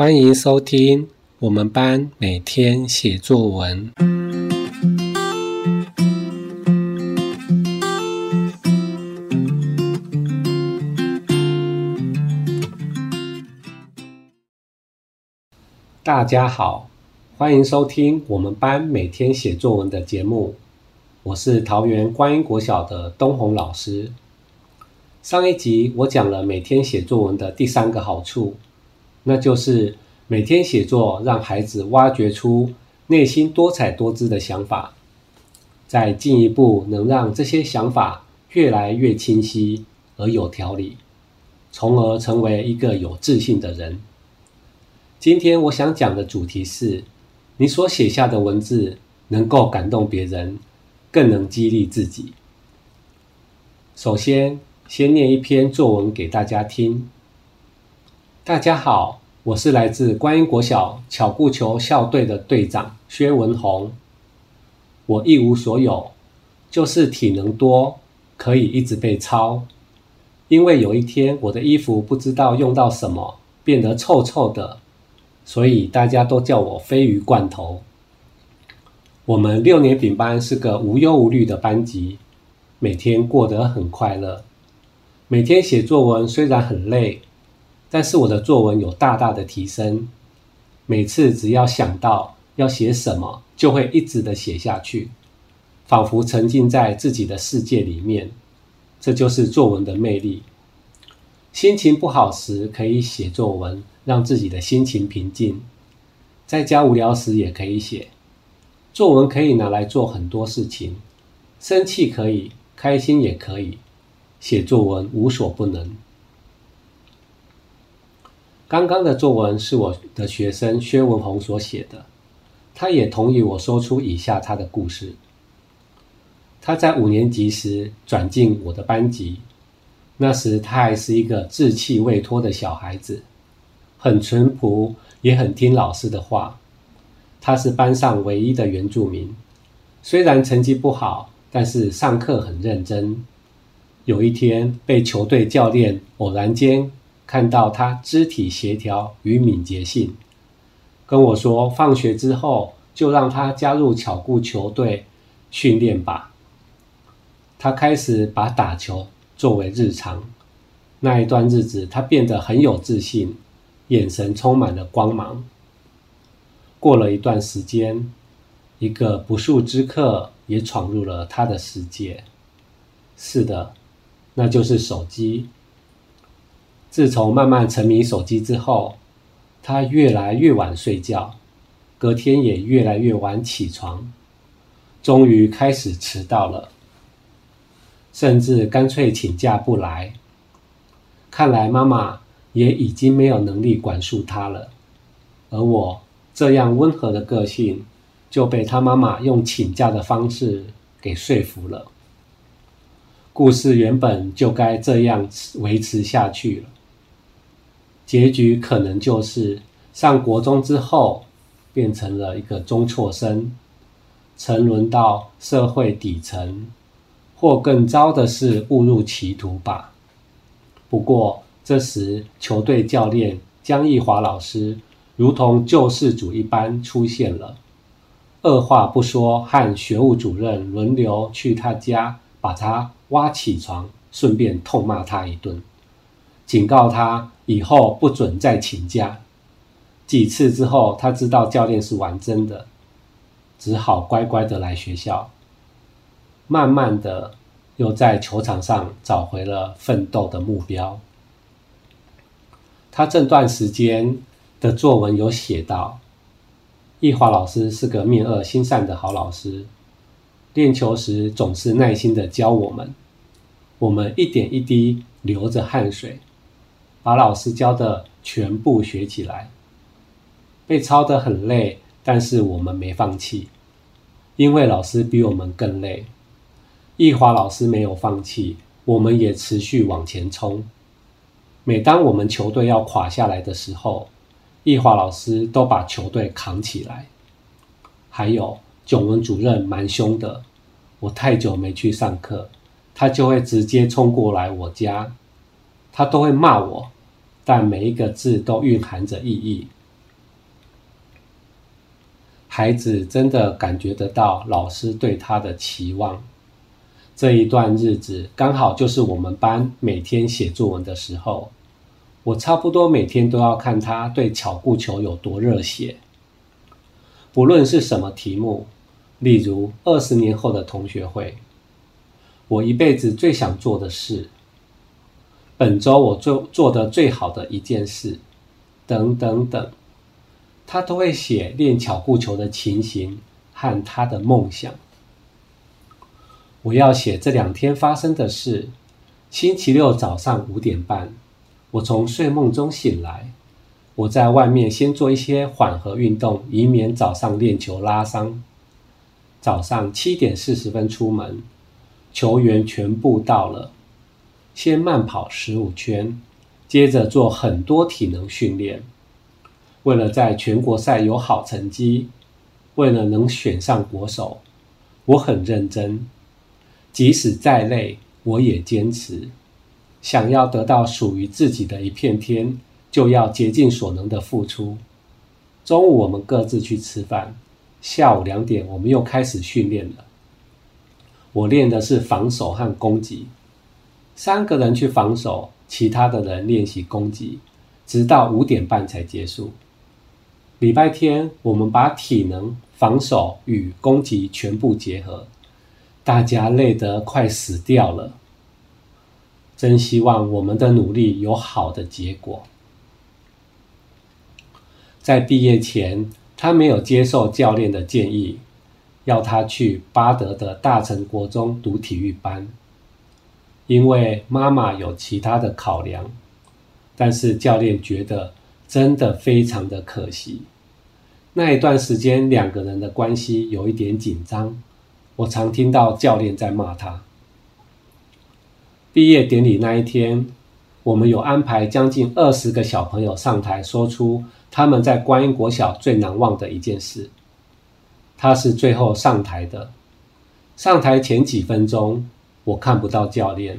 歡迎收聽我們班每天寫作文。大家好，歡迎收聽我們班每天寫作文的節目。我是桃園觀音國小的東紅老師。上一集我講了每天寫作文的第三個好處。那就是每天寫作，讓孩子挖掘出內心多彩多姿的想法，再進一步能讓這些想法越來越清晰而有條理，從而成為一個有自信的人。今天我想講的主題是：你所寫下的文字能夠感動別人，更能激勵自己。首先，先念一篇作文給大家聽。大家好，我是來自觀音國小巧固球校隊的隊長薛文閎。我一無所有，就是體能多，可以一直被操，因為有一天我的衣服不知道用到什麼，變得臭臭的，所以大家都叫我鯡魚罐頭。我們六年丙班是個無憂無慮的班級，每天過得很快樂。每天寫作文雖然很累。但是我的作文有大大的提昇，每次只要想到要寫什麼，就會一直的寫下去，仿佛沉浸在自己的世界裡面。這就是作文的魅力。心情不好時可以寫作文，讓自己的心情平靜；在家無聊時也可以寫。作文可以拿來做很多事情，生氣可以，開心也可以。寫作文無所不能。剛剛的作文是我的學生薛文閎所寫的，他也同意我說出以下他的故事。他在五年級時轉進我的班級，那時他還是一個稚氣未脫的小孩子，很淳樸，也很聽老師的話。他是班上唯一的原住民，雖然成績不好，但是上課很認真。有一天被球隊教練偶然間。看到他肢體協調與敏捷性，跟我說：“放學之後就讓他加入巧固球隊訓練吧。”他開始把打球作為日常。那一段日子，他變得很有自信，眼神充滿了光芒。過了一段時間，一個不速之客也闖入了他的世界。是的，那就是手機。自從慢慢沉迷手機之後，他越來越晚睡覺，隔天也越來越晚起床，終於開始遲到了，甚至乾脆請假不來。看來媽媽也已經沒有能力管束他了，而我這樣溫和的個性，就被他媽媽用請假的方式給說服了。故事原本就該這樣持維持下去了。結局可能就是上國中之後變成了一個中輟生，沉淪到社會底層，或更糟的是誤入歧途吧。不過這時球隊教練江一華老師如同救世主一般出現了，二話不說和學務主任輪流去他家把他挖起床，順便痛罵他一頓。警告他以後不准再請假。幾次之後，他知道教練是玩真的，只好乖乖地來學校。慢慢的，又在球場上找回了奮鬥的目標。他這段時間的作文有寫到：易華老師是個面惡心善的好老師，練球時總是耐心地教我們，我們一點一滴流着汗水。把老師教的全部學起來，被操得很累，但是我們沒放棄，因為老師比我們更累。易華老師沒有放棄，我們也持續往前衝。每當我們球隊要垮下來的時候，易華老師都把球隊扛起來。還有囧文主任蠻兇的，我太久沒去上課，他就會直接衝過來我家，他都會罵我。但每一個字都蘊含着意義。孩子真的感覺得到老師對他的期望。這一段日子剛好就是我們班每天寫作文的時候，我差不多每天都要看他對巧固球有多熱血。不論是什麼題目，例如二十年後的同學會、我一輩子最想做的事。本周我做做的最好的一件事，等等等，他都會寫練巧固球的情形和他的夢想。我要寫這兩天發生的事。星期六早上五點半，我從睡夢中醒來，我在外面先做一些緩和運動，以免早上練球拉傷。早上七點四十分出門，球員全部到了。先慢跑十五圈，接着做很多體能訓練。為了在全國賽有好成績，為了能選上國手，我很認真。即使再累，我也堅持。想要得到屬於自己的一片天，就要竭盡所能的付出。中午我們各自去吃飯，下午兩點我們又開始訓練了。我練的是防守和攻擊。三個人去防守，其他的人練習攻擊，直到五點半才結束。禮拜天，我們把體能、防守與攻擊全部結合，大家累得快死掉了。真希望我們的努力有好的結果。在畢業前，他沒有接受教練的建議，要他去巴德的大成國中讀體育班。因為媽媽有其他的考量，但是教練覺得真的非常的可惜。那一段時間，兩個人的關係有一點緊張。我常聽到教練在罵他。畢業典禮那一天，我們有安排將近二十個小朋友上台，說出他們在觀音國小最難忘的一件事。他是最後上台的。上台前幾分鐘，我看不到教練，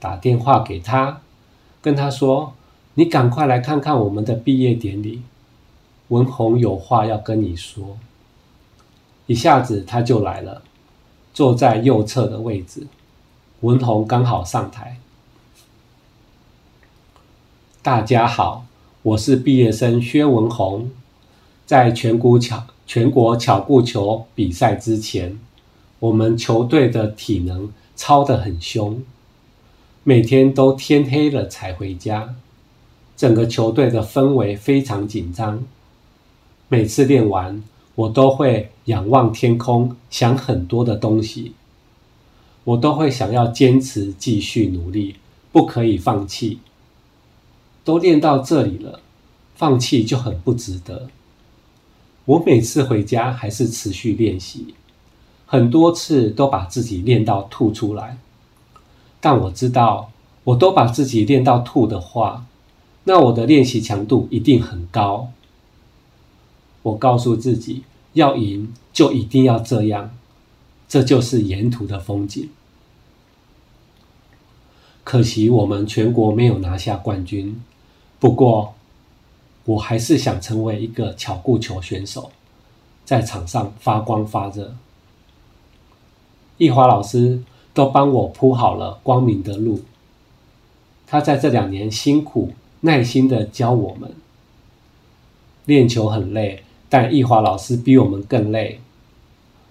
打電話給他，跟他說：“你趕快來看看我們的畢業典禮，文閎有話要跟你說。”一下子他就來了，坐在右側的位置。文閎剛好上台。大家好，我是畢業生薛文閎。在全國巧全國巧固球比賽之前，我們球隊的體能，操得很兇，每天都天黑了才回家，整個球隊的氛圍非常緊張。每次練完，我都會仰望天空，想很多的東西。我都會想要堅持，繼續努力，不可以放棄。都練到這裡了，放棄就很不值得。我每次回家還是持續練習。很多次都把自己練到吐出來，但我知道，我都把自己練到吐的話，那我的練習強度一定很高。我告訴自己，要贏就一定要這樣，這就是沿途的風景。可惜我們全國沒有拿下冠軍，不過，我還是想成為一個巧固球選手，在場上發光發熱。易華老師都幫我鋪好了光明的路，他在這兩年辛苦耐心的教我們。練球很累，但易華老師比我們更累。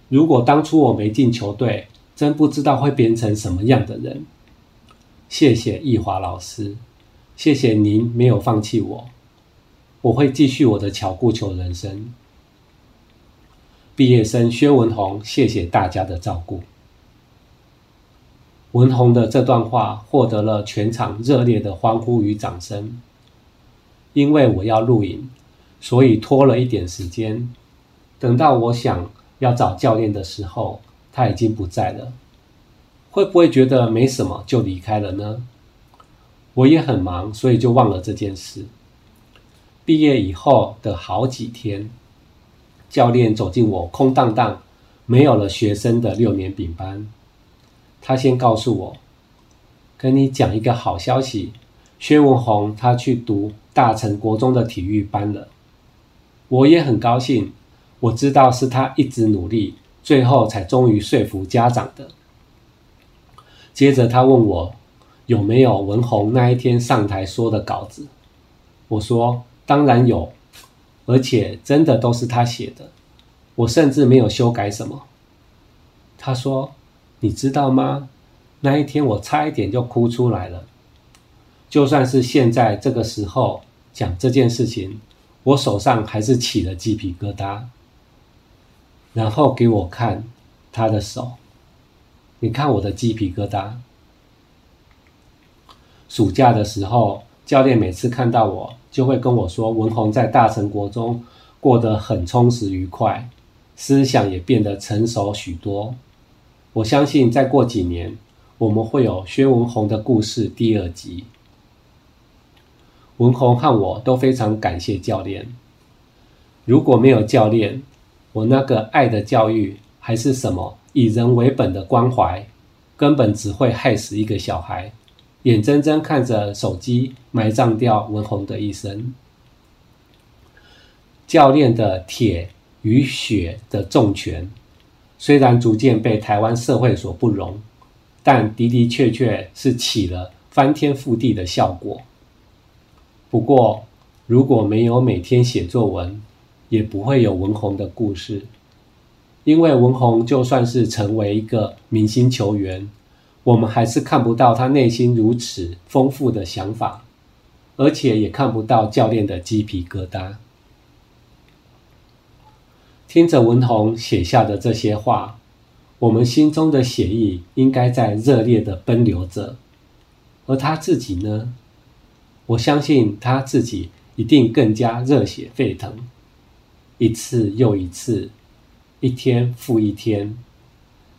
如果當初我沒進球隊，真不知道會變成什麼樣的人。謝謝易華老師，謝謝您沒有放棄我。我會繼續我的巧固球人生。畢業生薛文閎，謝謝大家的照顧。文閎的這段話獲得了全場熱烈的歡呼與掌聲。因為我要錄影，所以拖了一點時間。等到我想要找教練的時候，他已經不在了。會不會覺得沒什麼就離開了呢？我也很忙，所以就忘了這件事。畢業以後的好幾天，教練走進我空蕩蕩、沒有了學生的六年丙班。他先告訴我，跟你講一個好消息，薛文閎他去讀大成國中的體育班了，我也很高興，我知道是他一直努力，最後才終於說服家長的。接着他問我有沒有文閎那一天上台說的稿子，我說當然有，而且真的都是他寫的，我甚至沒有修改什麼。他說。你知道嗎？那一天我差一點就哭出來了。就算是現在這個時候講這件事情，我手上還是起了雞皮疙瘩。然後給我看他的手，你看我的雞皮疙瘩。暑假的時候，教練每次看到我，就會跟我說：“文閎在大成國中過得很充實愉快，思想也變得成熟許多。”我相信，再過幾年，我們會有薛文閎的故事第二集。文閎和我都非常感謝教練，如果沒有教練，我那個愛的教育還是什麼以人為本的關懷，根本只會害死一個小孩，眼睜睜看着手機埋葬掉文閎的一生。教練的鐵與血的重拳。雖然逐漸被台灣社會所不容，但的的確確是起了翻天覆地的效果。不過，如果沒有每天寫作文，也不會有文閎的故事。因為文閎就算是成為一個明星球員，我們還是看不到他內心如此豐富的想法，而且也看不到教練的雞皮疙瘩。聽着文閎寫下的這些話，我們心中的血液應該在熱烈地奔流着，而他自己呢？我相信他自己一定更加熱血沸騰，一次又一次，一天復一天，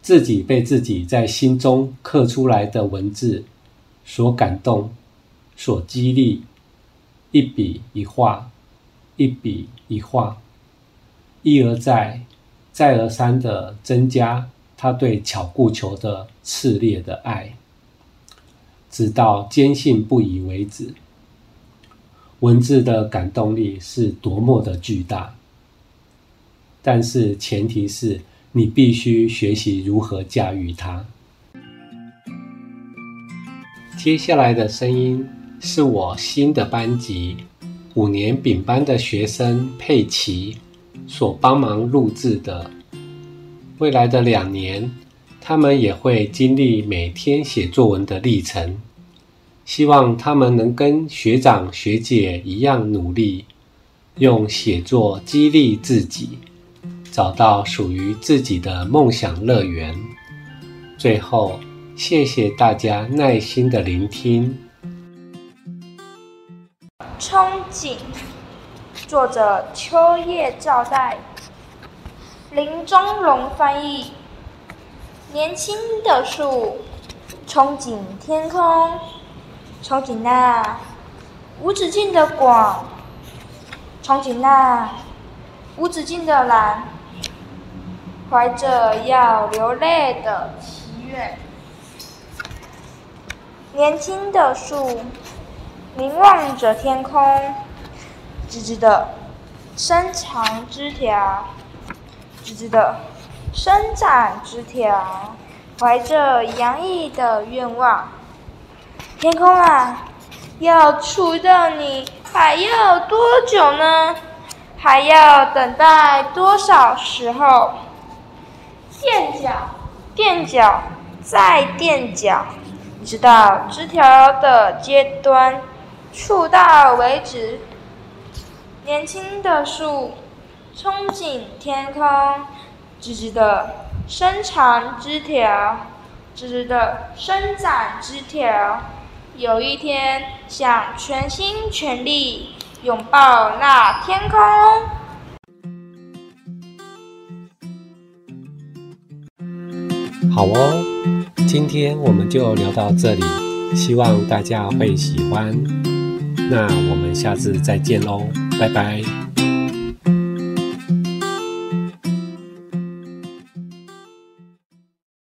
自己被自己在心中刻出來的文字所感動，所激勵，一筆一畫，一筆一畫。一而再，再而三的增加他對巧固球的熾烈的愛，直到堅信不疑為止。文字的感動力是多麼的巨大，但是前提是你必須學習如何駕馭它。接下來的聲音是我新的班級五年丙班的學生佩奇。所幫忙錄製的，未來的兩年，他們也會經歷每天寫作文的歷程。希望他們能跟學長學姐一樣努力，用寫作激勵自己，找到屬於自己的夢想樂園。最後，謝謝大家耐心的聆聽。憧憬。作者：坐着秋葉照代，林鍾隆翻譯。年輕的樹，憧憬天空，憧憬那、啊、無止境的廣，憧憬那、啊、無止境的藍，懷着要流淚的祈願。年輕的樹，凝望着天空。直直的伸長枝條，直直的伸展枝條，懷着洋溢的願望，天空啊，要觸到你還要多久呢？還要等待多少時候？踮腳，踮腳，再踮腳，直到枝條的尖端觸到為止。年輕的樹，憧憬天空，直直的伸長枝條，直直的伸展枝條，有一天想全心全力擁抱那天空。好哦，今天我們就聊到這裡，希望大家會喜歡。那我們下次再見囉。拜拜。